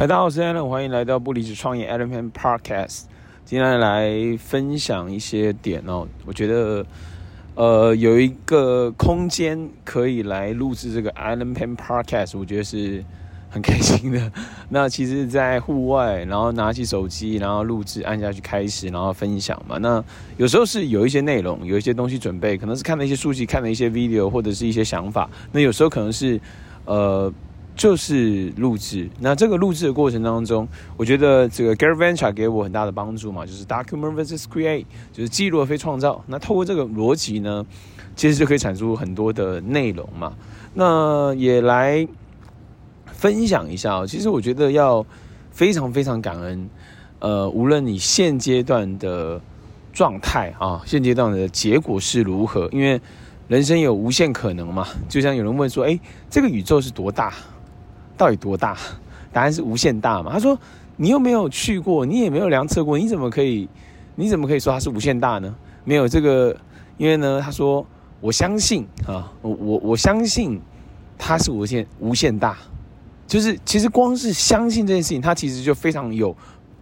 嗨，大家好，我是 Allen，歡迎來到不離職創業 Allen Peng Podcast。今天來，來分享一些點哦，我覺得呃有一個空間可以來錄製這個 Allen Peng Podcast，我覺得是很開心的。那其實，在戶外，然後拿起手機，然後錄製，按下去開始，然後分享嘛。那有時候是有一些內容，有一些東西準備，可能是看了一些書籍，看了一些 video，或者是一些想法。那有時候可能是呃。就是錄製，那這個錄製的過程當中，我覺得這個 Gary Vaynerchuk 給我很大的幫助嘛，就是 Document vs Create，就是記錄而非創造。那透過這個邏輯呢，其實就可以產出很多的內容嘛。那也來分享一下哦、喔。其實我覺得要非常非常感恩，呃，無論你現階段的狀態啊，現階段的結果是如何，因為人生有無限可能嘛。就像有人問說，哎、欸，這個宇宙是多大？到底多大？答案是無限大嘛。他說：“你又沒有去過，你也沒有量測過，你怎麼可以？你怎麼可以說它是無限大呢？沒有這個，因為呢，他說我相信啊，我我我相信它是無限無限大,就是其實光是相信這件事情，它其實就非常有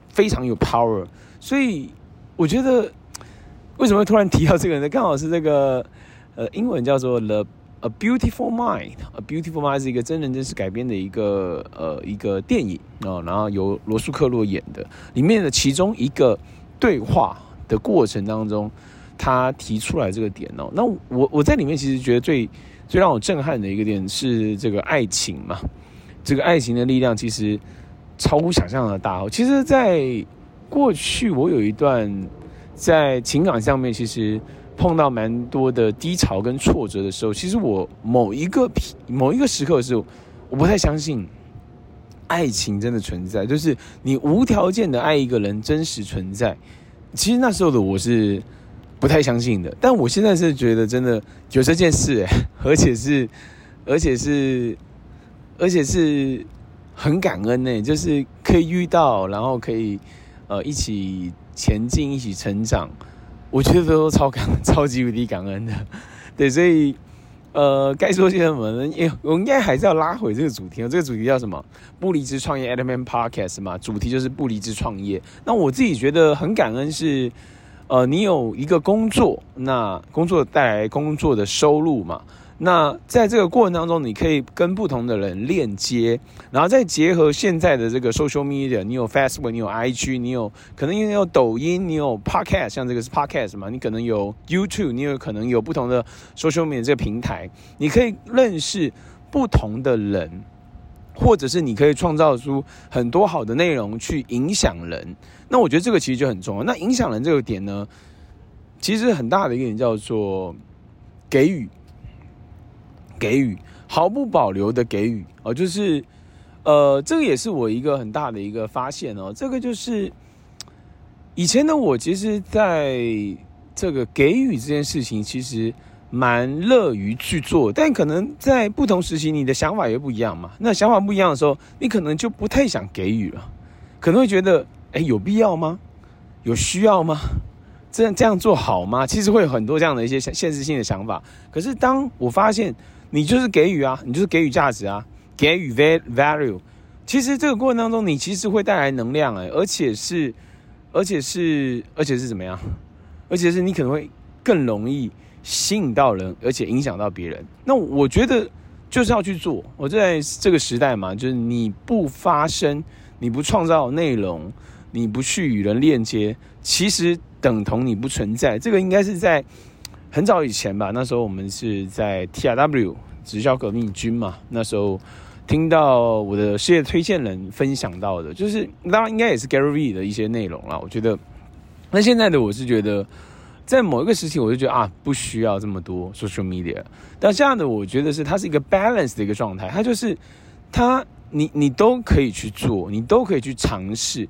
非常有 power。所以我覺得為什麼突然提到這個人呢？剛好是這個，呃，英文叫做 the。《A Beautiful Mind》《A Beautiful Mind》是一個真人真事改編的一個呃一個電影哦，然後由羅素克洛演的。裡面的其中一個對話的過程當中，他提出來這個點哦。那我我在裡面其實覺得最最讓我震撼的一個點是這個愛情嘛，這個愛情的力量其實超乎想象的大哦。其實，在過去我有一段在情感上面其實。碰到蠻多的低潮跟挫折的時候，其實我某一個某一個時刻的時候，我不太相信愛情真的存在，就是你無條件的愛一個人真實存在。其實那時候的我是不太相信的，但我現在是覺得真的有這件事，哎，而且是而且是而且是,而且是很感恩呢，就是可以遇到，然後可以呃一起前進，一起成長。我覺得都超感超級無敵感恩的，對，所以呃，該說些什麼呢？我應該還是要拉回這個主題，這個主題叫什麼？不離職創業 Adaman Podcast 嘛，主題就是不離職創業。那我自己覺得很感恩是，呃，你有一個工作，那工作帶來工作的收入嘛。那在這個過程當中，你可以跟不同的人鏈接，然後再結合現在的這個 social media，你有 Facebook，你有 IG，你有可能也有抖音，你有 Podcast，像這個是 Podcast 嘛，你可能有 YouTube，你有可能有不同的 social media 這個平台，你可以認識不同的人，或者是你可以創造出很多好的內容去影響人。那我覺得這個其實就很重要。那影響人這個點呢，其實很大的一點叫做給予。給予，毫不保留地給予哦就是，呃，這個也是我一個很大的一個發現哦。這個就是，以前的我其實在這個給予這件事情，其實蠻樂於去做。但可能在不同時期，你的想法也不一樣嘛。那想法不一樣的時候，你可能就不太想給予了，可能會覺得，哎，有必要嗎？有需要嗎？這樣這樣做好嗎？其實會有很多這樣的一些現實性的想法。可是當我發現。你就是給予啊，你就是給予價值啊，給予 value。其實這個過程當中，你其實會帶來能量哎，而且是，而且是，而且是怎麼樣？而且是你可能會更容易吸引到人，而且影響到別人。那我覺得就是要去做。我在這個時代嘛，就是你不發聲，你不創造內容，你不去與人鏈接，其實等同你不存在。這個應該是在。很早以前吧，那時候我們是在 TRW 直銷革命軍嘛。那時候聽到我的事業推薦人分享到的，就是當然應該也是 Gary V 的一些內容了。我覺得，那現在的我是覺得，在某一個時期，我就覺得啊，不需要這麼多 social media。但這樣的，我覺得是它是一個 balance 的一個狀態。它就是，它你你都可以去做，你都可以去嘗試，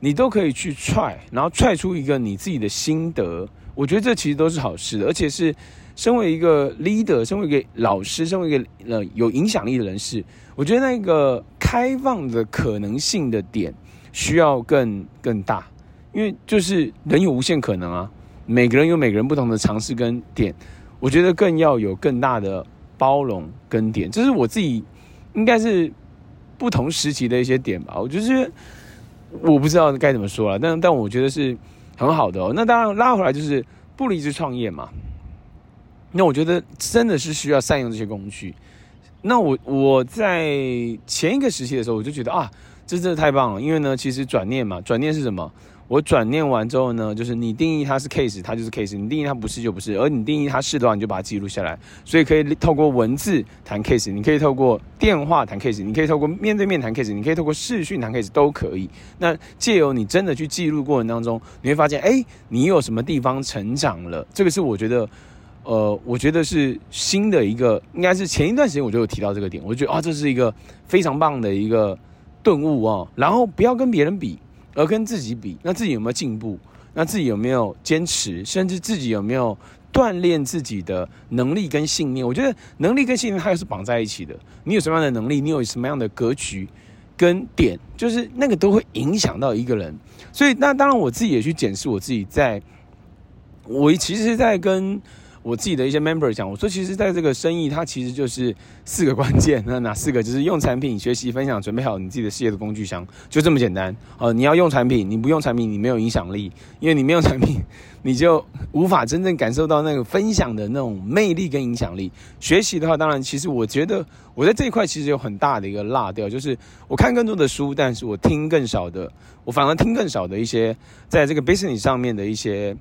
你都可以去 try，然後 try 出一個你自己的心得。我覺得這其實都是好事的，而且是身為一個 leader，身為一個老師，身為一個有影響力的人士，我覺得那個開放的可能性的點需要更更大，因為就是人有無限可能啊，每個人有每個人不同的嘗試跟點，我覺得更要有更大的包容跟點，就是我自己應該是不同時期的一些點吧，我就是我不知道該怎麼說了，但但我覺得是。很好的哦，那當然拉回來就是不離職創業嘛。那我覺得真的是需要善用這些工具。那我我在前一個時期的時候，我就覺得啊，這真的太棒了，因為呢，其實轉念嘛，轉念是什麼？我轉念完之後呢，就是你定義它是 case，它就是 case；你定義它不是就不是。而你定義它是的話，你就把它記錄下來。所以可以透過文字談 case，你可以透過電話談 case，你可以透過面對面談 case，你可以透過視訊談 case，都可以。那借由你真的去記錄過程當中，你會發現，哎、欸，你有什麼地方成長了？這個是我覺得，呃，我覺得是新的一個，應該是前一段時間我就有提到這個點。我就覺得啊，這是一個非常棒的一個頓悟啊。然後不要跟別人比。而跟自己比，那自己有沒有進步？那自己有沒有堅持？甚至自己有沒有鍛鍊自己的能力跟信念？我覺得能力跟信念它又是綁在一起的。你有什麼樣的能力？你有什麼樣的格局跟點，就是那個都會影響到一個人。所以那當然我自己也去檢視我自己在，在我其實在跟。我自己的一些 member 講，我說其實，在這個生意，它其實就是四個關鍵，那哪四個？就是用產品、學習、分享、準備好你自己的事業的工具箱，就這麼簡單。哦、呃，你要用產品，你不用產品，你沒有影響力，因為你沒有產品，你就無法真正感受到那個分享的那種魅力跟影響力。學習的話，當然，其實我覺得我在這一塊其實有很大的一個落掉、哦，就是我看更多的書，但是我聽更少的，我反而聽更少的一些在這個 business 上面的一些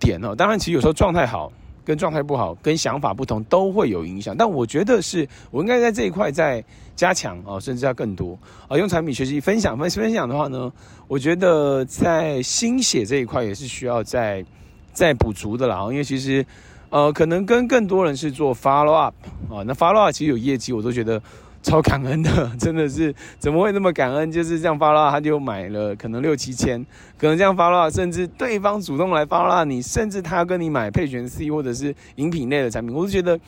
點哦。當然，其實有時候狀態好，跟狀態不好，跟想法不同，都會有影響。但我覺得是我應該在這一塊再加強啊，甚至要更多啊，用產品、學習、分享、分享、分享的話呢，我覺得在心血這一塊也是需要再再補足的啦。因為其實，呃，可能跟更多人是做 follow up 啊，那 follow up 其實有業績，我都覺得。超感恩的，真的是怎麼會那麼感恩？就是這樣發了，他就買了，可能六七千，可能這樣發了，甚至對方主動來發了，你甚至他跟你買配全 C 或者是飲品類的產品，我就覺得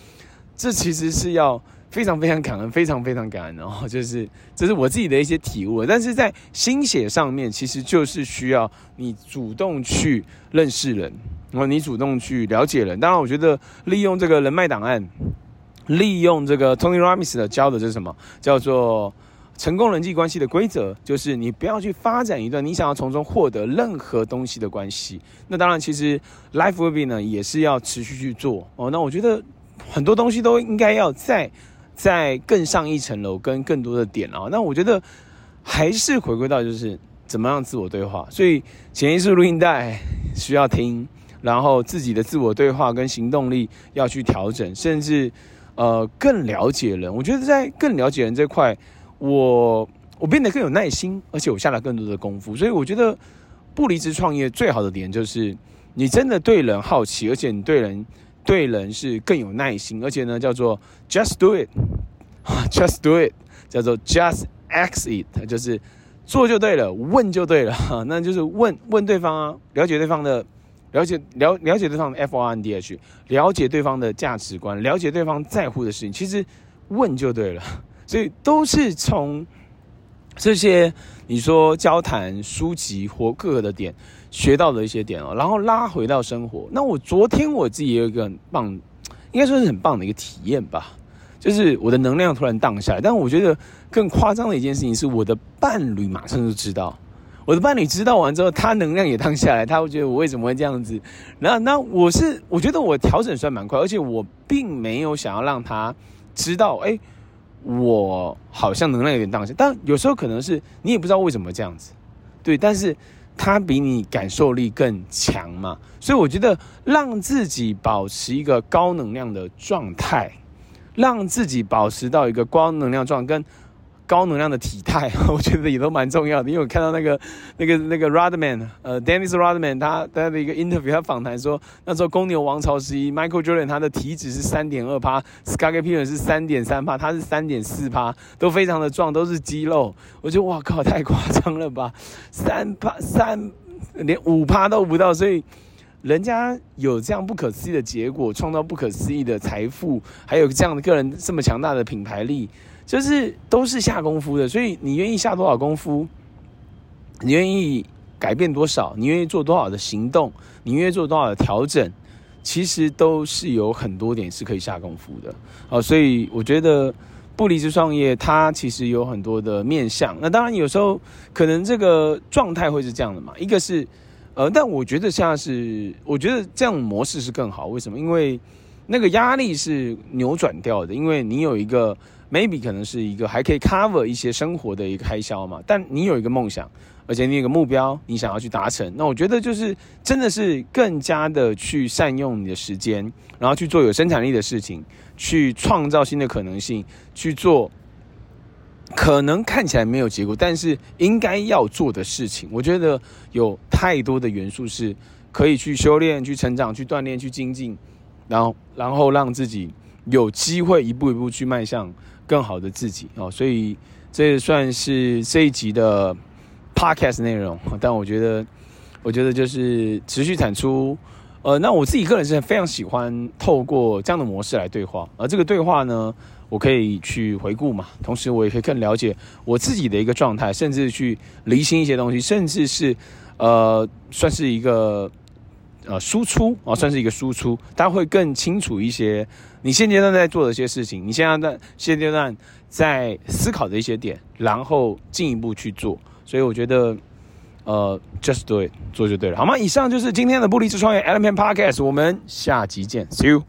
這其實是要非常非常感恩，非常非常感恩哦。然後就是這是我自己的一些體悟，但是在心血上面，其實就是需要你主動去認識人，然後你主動去了解人。當然，我覺得利用這個人脈檔案。利用這個 Tony Ramis 教的，這是什麼？叫做成功人際關係的規則，就是你不要去發展一段你想要從中獲得任何東西的關係。那當然，其實 Life Will Be 呢也是要持續去做哦。那我覺得很多東西都應該要再再更上一層樓，跟更多的點啊。那我覺得還是回歸到就是怎麼樣自我對話，所以潛意識錄音帶需要聽，然後自己的自我對話跟行動力要去調整，甚至。呃，更了解人，我覺得在更了解人這塊，我我變得更有耐心，而且我下了更多的功夫。所以我覺得不離職創業最好的點就是，你真的對人好奇，而且你對人對人是更有耐心，而且呢叫做 just do it，啊，just do it，叫做 just ask it，就是做就對了，問就對了，那就是問問對方啊，了解對方的。了解了了解對方的 F O R N D H，了解對方的價值觀，了解對方在乎的事情，其實問就對了。所以都是從這些你說交談、書籍或各個的點學到的一些點哦，然後拉回到生活。那我昨天我自己也有一個很棒，應該說是很棒的一個體驗吧，就是我的能量突然蕩下來。但我覺得更誇張的一件事情是，我的伴侶馬上就知道。我的伴侶知道完之後，他能量也盪下來，他會覺得我為什麼會這樣子？那那我是我覺得我調整算蠻快，而且我並沒有想要讓他知道，哎、欸，我好像能量有點盪下，但有時候可能是你也不知道為什麼這樣子，對，但是他比你感受力更強嘛，所以我覺得讓自己保持一個高能量的狀態，讓自己保持到一個高能量狀態跟。高能量的體態，我覺得也都蠻重要的。因為我看到那個、那個、那個 Rodman，呃，Dennis Rodman，他他的一個 interview，他訪談說，那時候公牛王朝時一 Michael Jordan，他的體脂是三點二趴，Scottie Pippen 是三點三趴，他是三點四趴，都非常的壯，都是肌肉。我覺得哇靠，太誇張了吧？三趴三連五趴都不到，所以人家有這樣不可思議的結果，創造不可思議的財富，還有這樣的個人這麼強大的品牌力。就是都是下功夫的，所以你願意下多少功夫，你願意改變多少，你願意做多少的行動，你願意做多少的調整，其實都是有很多點是可以下功夫的啊。所以我覺得不離職創業，它其實有很多的面向。那當然有時候可能這個狀態會是這樣的嘛。一個是呃，但我覺得下是我覺得這樣模式是更好。為什麼？因為那個壓力是扭轉掉的，因為你有一個。maybe 可能是一個還可以 cover 一些生活的一個開銷嘛，但你有一個夢想，而且你有個目標，你想要去達成，那我覺得就是真的是更加的去善用你的時間，然後去做有生產力的事情，去創造新的可能性，去做可能看起來沒有結果，但是應該要做的事情，我覺得有太多的元素是可以去修煉、去成長、去鍛鍊、去精進，然後然後讓自己。有機會一步一步去邁向更好的自己哦，所以這也算是這一集的 podcast 內容。但我覺得，我覺得就是持續產出。呃，那我自己個人是非常喜歡透過這樣的模式來對話，而這個對話呢，我可以去回顧嘛，同時我也可以更了解我自己的一個狀態，甚至去釐清一些東西，甚至是呃，算是一個。呃，輸出啊、哦，算是一個輸出，他會更清楚一些。你現階段在做的一些事情，你現在在現階段在思考的一些點，然後進一步去做。所以我覺得，呃，just do it，做就對了，好嗎？以上就是今天的不離職創業、e、Allen Podcast，我們下集見，See you。